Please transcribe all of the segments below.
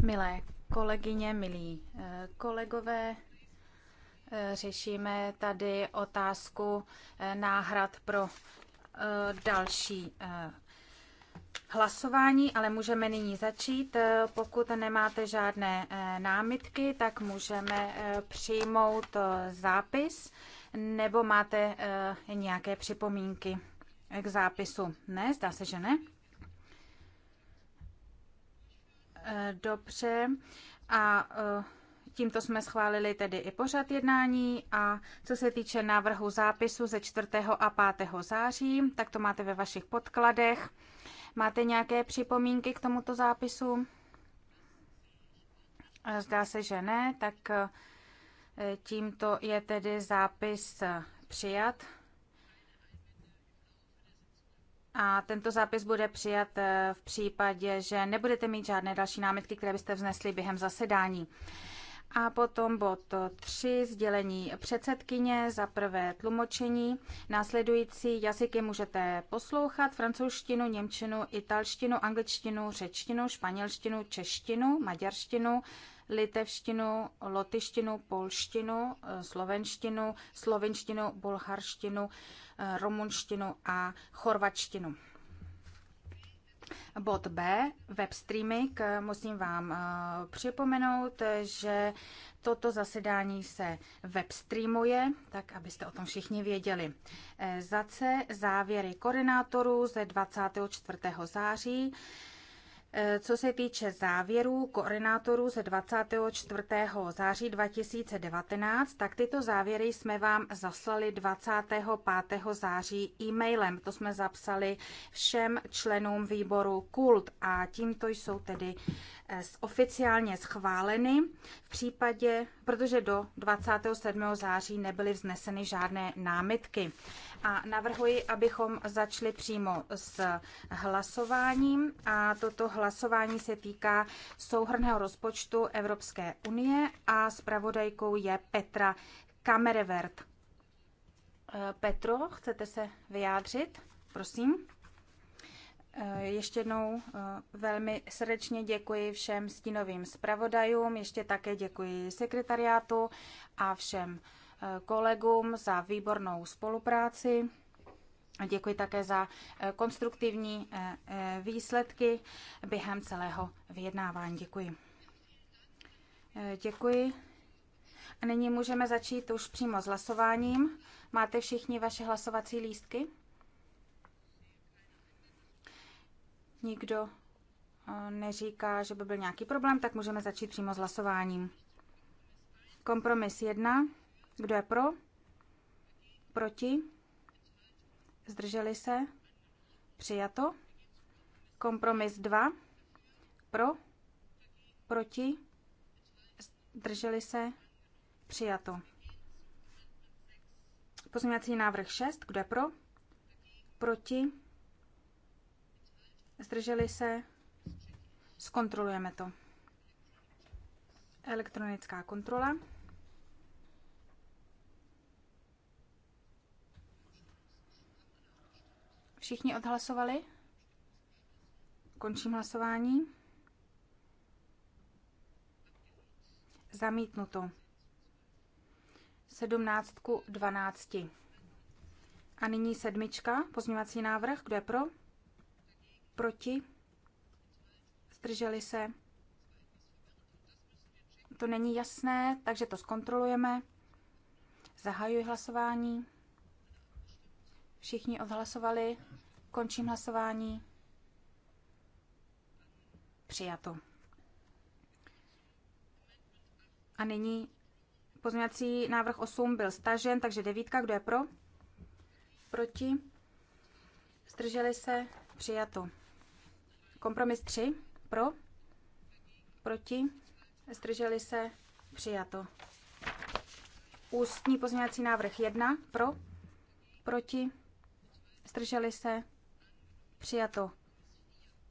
Milé kolegyně, milí eh, kolegové, eh, řešíme tady otázku eh, náhrad pro další hlasování, ale můžeme nyní začít. Pokud nemáte žádné námitky, tak můžeme přijmout zápis nebo máte nějaké připomínky k zápisu? Ne, zdá se, že ne. E, dobře. A e, tímto jsme schválili tedy i pořad jednání a co se týče návrhu zápisu ze 4. a 5. září, tak to máte ve vašich podkladech. Máte nějaké připomínky k tomuto zápisu? E, zdá se, že ne, tak tímto je tedy zápis přijat. A tento zápis bude přijat eh, v případě, že nebudete mít žádné další námitky, které byste vznesli během zasedání. A potom bod tři sdělení předsedkyně, za prvé tlumočení. Následující jazyky můžete poslouchat, francouzštinu, němčinu, italštinu, angličtinu, řečtinu, španělštinu, češtinu, maďarštinu, litevštinu, lotyštinu, polštinu, eh, slovenštinu, slovinštinu, bulharštinu, eh, rumunštinu a chorvačtinu. Bod B, web streaming. Musím vám eh, připomenout, že toto zasedání se webstreamuje, tak abyste o tom všichni věděli. Za C závěry koordinátorů ze 24. září co se týče závěrů koordinátorů ze 24. září 2019, tak tyto závěry jsme vám zaslali 25. září e-mailem. To jsme zapsali všem členům výboru KULT a tímto jsou tedy eh, oficiálně schváleny v případě, protože do 27. září nebyly vzneseny žádné námitky. A navrhuji, abychom začali přímo s hlasováním a toto hlasování hlasování se týká souhrného rozpočtu Evropské unie a zpravodajkou je Petra Kamerevert. Eh, Petro, chcete se vyjádřit? Prosím. Eh, ještě jednou eh, velmi srdečně děkuji všem stínovým zpravodajům, ještě také děkuji sekretariátu a všem kolegům za výbornou spolupráci. Děkuji také za eh, konstruktivní eh, eh, výsledky během celého vyjednávání. Děkuji. Děkuji. A nyní můžeme začít už přímo s hlasováním. Máte všichni vaše hlasovací lístky? Nikdo neříká, že by byl nějaký problém, tak můžeme začít přímo s hlasováním. Kompromis 1. Kdo je pro? Proti? zdrželi se, přijato. Kompromis 2, pro, proti, zdrželi se, přijato. Pozměňovací návrh 6, kdo je pro, proti, zdrželi se, zkontrolujeme to. Elektronická kontrola. Všichni odhlasovali? Končím hlasování. Zamítnuto. Sedmnáctku dvanácti. A nyní sedmička, pozměňovací návrh. Kdo je pro? Proti? Zdrželi se? To není jasné, takže to zkontrolujeme. Zahajuji hlasování. Všichni odhlasovali. Končím hlasování. Přijato. A nyní pozměňovací návrh 8 byl stažen, takže devítka, kdo je pro? Proti? Zdrželi se? Přijato. Kompromis 3, pro? Proti? Zdrželi se? Přijato. Ústní pozměňovací návrh 1, pro? Proti? Zdrželi se? Přijato.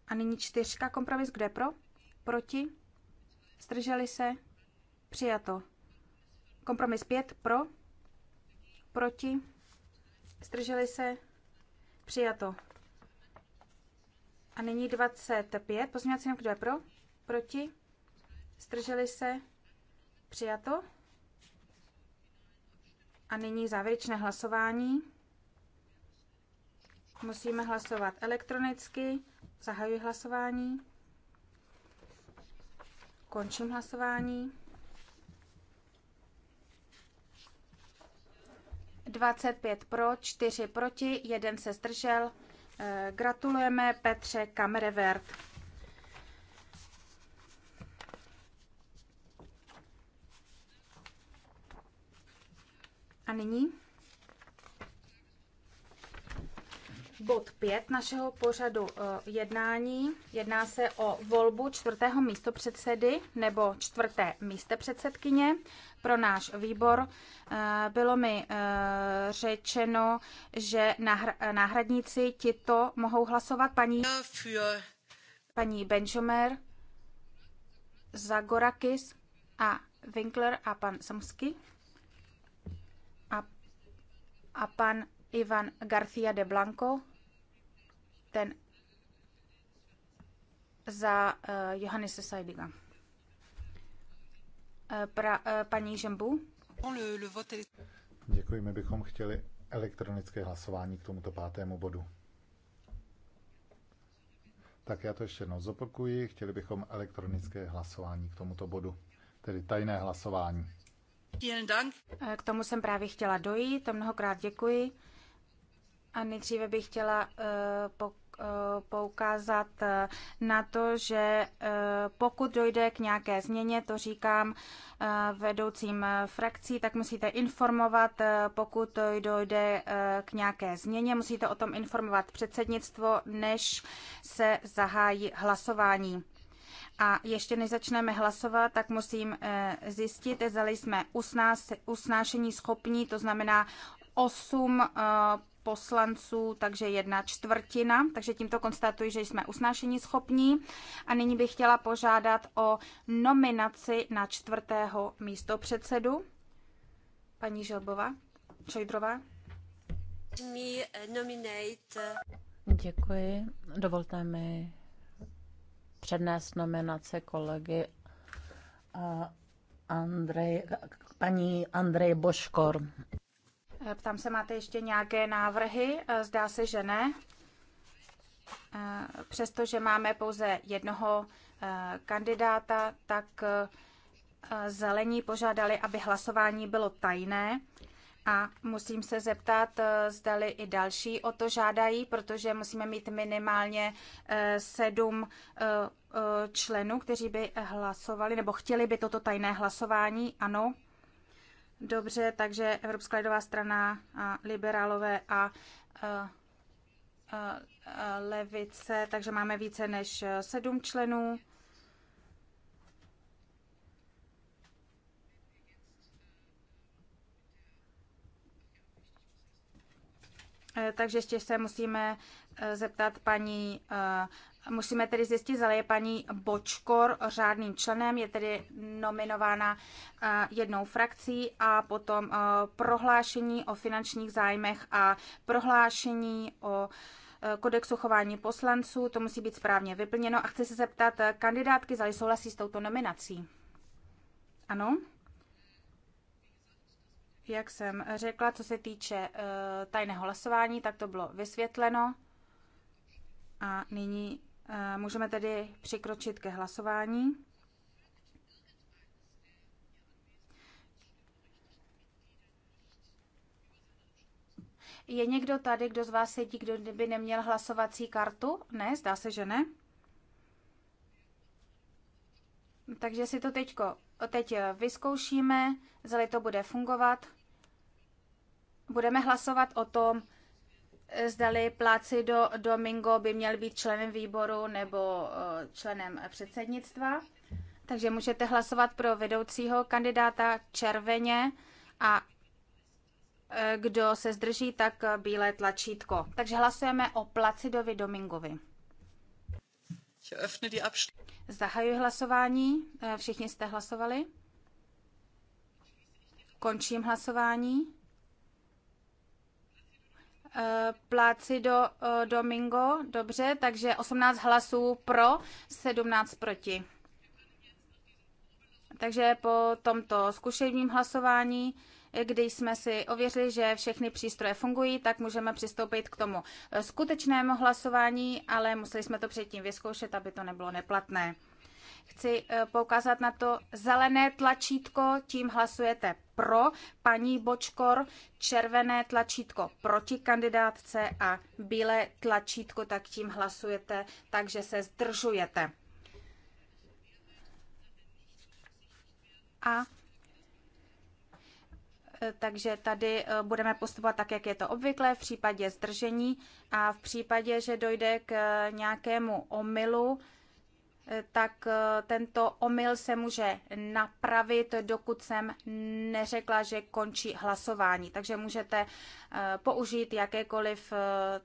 A nyní čtyřka, kompromis kde pro? Proti? Zdrželi se? Přijato. Kompromis pět pro? Proti? Zdrželi se? Přijato. A nyní 25. Pozměňovací návrh kdo je pro? Proti? Zdrželi se? Přijato. A nyní závěrečné hlasování. Musíme hlasovat elektronicky. Zahajuji hlasování. Končím hlasování. 25 pro, 4 proti, 1 se zdržel. Eh, gratulujeme Petře Kamrevert. A nyní? bod 5 našeho pořadu eh, jednání. Jedná se o volbu čtvrtého místopředsedy nebo čtvrté místopředsedkyně pro náš výbor. Eh, bylo mi eh, řečeno, že náhradníci tito mohou hlasovat paní, paní Benjomer, Zagorakis a Winkler a pan Samsky a, a pan Ivan García de Blanco ten za eh, Johannise Uh, eh, Pra, eh, paní Žembu. Děkuji, my bychom chtěli elektronické hlasování k tomuto pátému bodu. Tak já to ještě jednou zopakuji. Chtěli bychom elektronické hlasování k tomuto bodu, tedy tajné hlasování. K tomu jsem právě chtěla dojít, to mnohokrát děkuji. A nejdříve bych chtěla eh, eh, poukázat eh, na to, že pokud dojde k nějaké změně, to říkám vedoucím frakcí, tak musíte informovat, pokud dojde k nějaké změně, musíte o tom informovat předsednictvo, než se zahájí hlasování. A ještě než začneme hlasovat, tak musím zjistit, zda jsme usnášení schopní, to znamená 8 poslanců, takže jedna čtvrtina. Takže tímto konstatuji, že jsme usnášení schopní. A nyní bych chtěla požádat o nominaci na čtvrtého místo předsedu. Paní Želbova, Čojdrová. Děkuji. Dovolte mi přednést nominace kolegy Andrej, paní Andrej Boškor. Eh, ptám se, máte ještě nějaké návrhy? Eh, zdá se, že ne. Eh, přestože máme pouze jednoho kandidáta, tak zelení požádali, aby hlasování bylo tajné. A musím se zeptat, zdali i další o to žádají, protože musíme mít minimálně sedm členů, kteří by hlasovali nebo chtěli by toto tajné hlasování. Ano. Dobře, takže Evropská lidová strana, a liberálové a, a, a, a levice, takže máme více než eh, sedm členů. Eh, takže ještě se musíme eh, zeptat paní, eh, musíme tedy zjistit, zda je paní Bočkor řádným členem, je tedy nominována jednou frakcí a potom prohlášení o finančních zájmech a prohlášení o kodexu chování poslanců, to musí být správně vyplněno a chci se zeptat kandidátky, zda souhlasí s touto nominací. Ano? Jak jsem řekla, co se týče eh, tajného hlasování, tak to bylo vysvětleno. A nyní eh, můžeme tedy přikročit ke hlasování. Je někdo tady, kdo z vás sedí, kdo by neměl hlasovací kartu? Ne, zdá se, že ne. Takže si to teďko teď eh, vyzkoušíme, zda to bude fungovat. Budeme hlasovat o tom, eh, zdali Plácido Domingo by měl být členem výboru nebo eh, členem předsednictva. Takže můžete hlasovat pro vedoucího kandidáta červeně a kdo se zdrží, tak bílé tlačítko. Takže hlasujeme o Placidovi Domingovi. Zahajuji hlasování. Eh, všichni jste hlasovali? Končím hlasování. Eh, do eh, Domingo, dobře, takže 18 hlasů pro, 17 proti. Takže po tomto zkušebním hlasování když jsme si ověřili, že všechny přístroje fungují, tak můžeme přistoupit k tomu eh, skutečnému hlasování, ale museli jsme to předtím vyzkoušet, aby to nebylo neplatné. Chci eh, poukázat na to zelené tlačítko, tím hlasujete pro paní Bočkor, červené tlačítko proti kandidátce a bílé tlačítko, tak tím hlasujete, takže se zdržujete. A Eh, takže tady eh, budeme postupovat tak, jak je to obvykle v případě zdržení a v případě, že dojde k eh, nějakému omylu, tak tento omyl se může napravit, dokud jsem neřekla, že končí hlasování. Takže můžete použít jakékoliv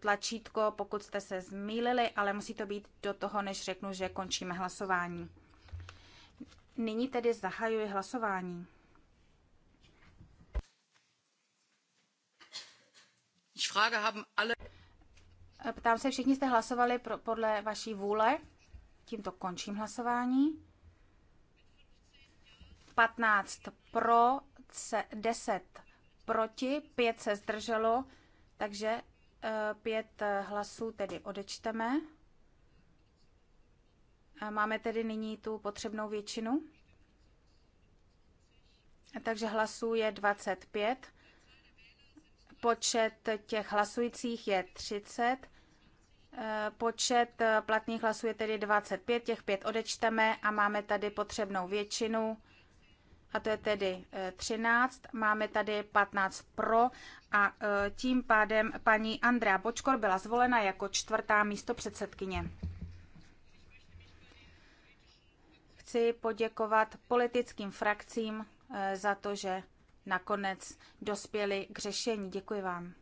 tlačítko, pokud jste se zmýlili, ale musí to být do toho, než řeknu, že končíme hlasování. Nyní tedy zahajuji hlasování. Frage haben alle... Ptám se, všichni jste hlasovali pro, podle vaší vůle? Tímto končím hlasování. 15 pro, 10 proti, 5 se zdrželo, takže 5 eh, hlasů tedy odečteme. Máme tedy nyní tu potřebnou většinu. Takže hlasů je 25. Počet těch hlasujících je 30. Eh, počet eh, platných hlasů je tedy 25, těch 5 odečteme a máme tady potřebnou většinu, a to je tedy 13. Eh, máme tady 15 pro a tím pádem paní Andrea Bočkor byla zvolena jako čtvrtá místo předsedkyně. Chci poděkovat politickým frakcím za to, že nakonec dospěli k řešení. Děkuji vám.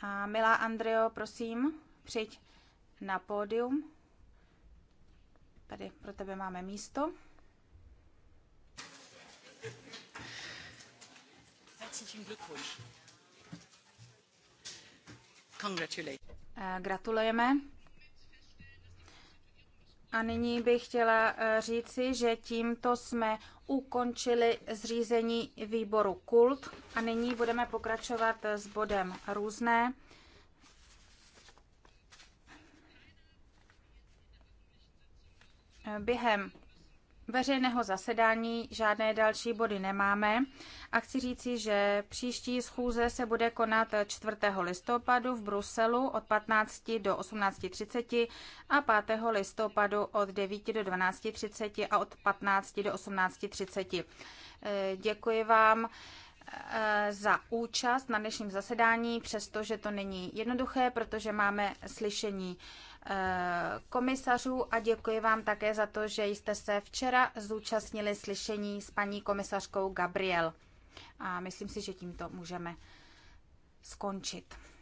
A milá Andreo, prosím, přijď na pódium. Tady pro tebe máme místo. Eh, gratulujeme. A nyní bych chtěla eh, říci, že tímto jsme ukončili zřízení výboru KULT a nyní budeme pokračovat eh, s bodem různé. Eh, během veřejného zasedání žádné další body nemáme a chci říci, že příští schůze se bude konat 4. listopadu v Bruselu od 15 do 18.30 a 5. listopadu od 9 do 12.30 a od 15 do 18.30. Děkuji vám. Eh, za účast na dnešním zasedání, přestože to není jednoduché, protože máme slyšení eh, komisařů a děkuji vám také za to, že jste se včera zúčastnili slyšení s paní komisařkou Gabriel. A myslím si, že tímto můžeme skončit.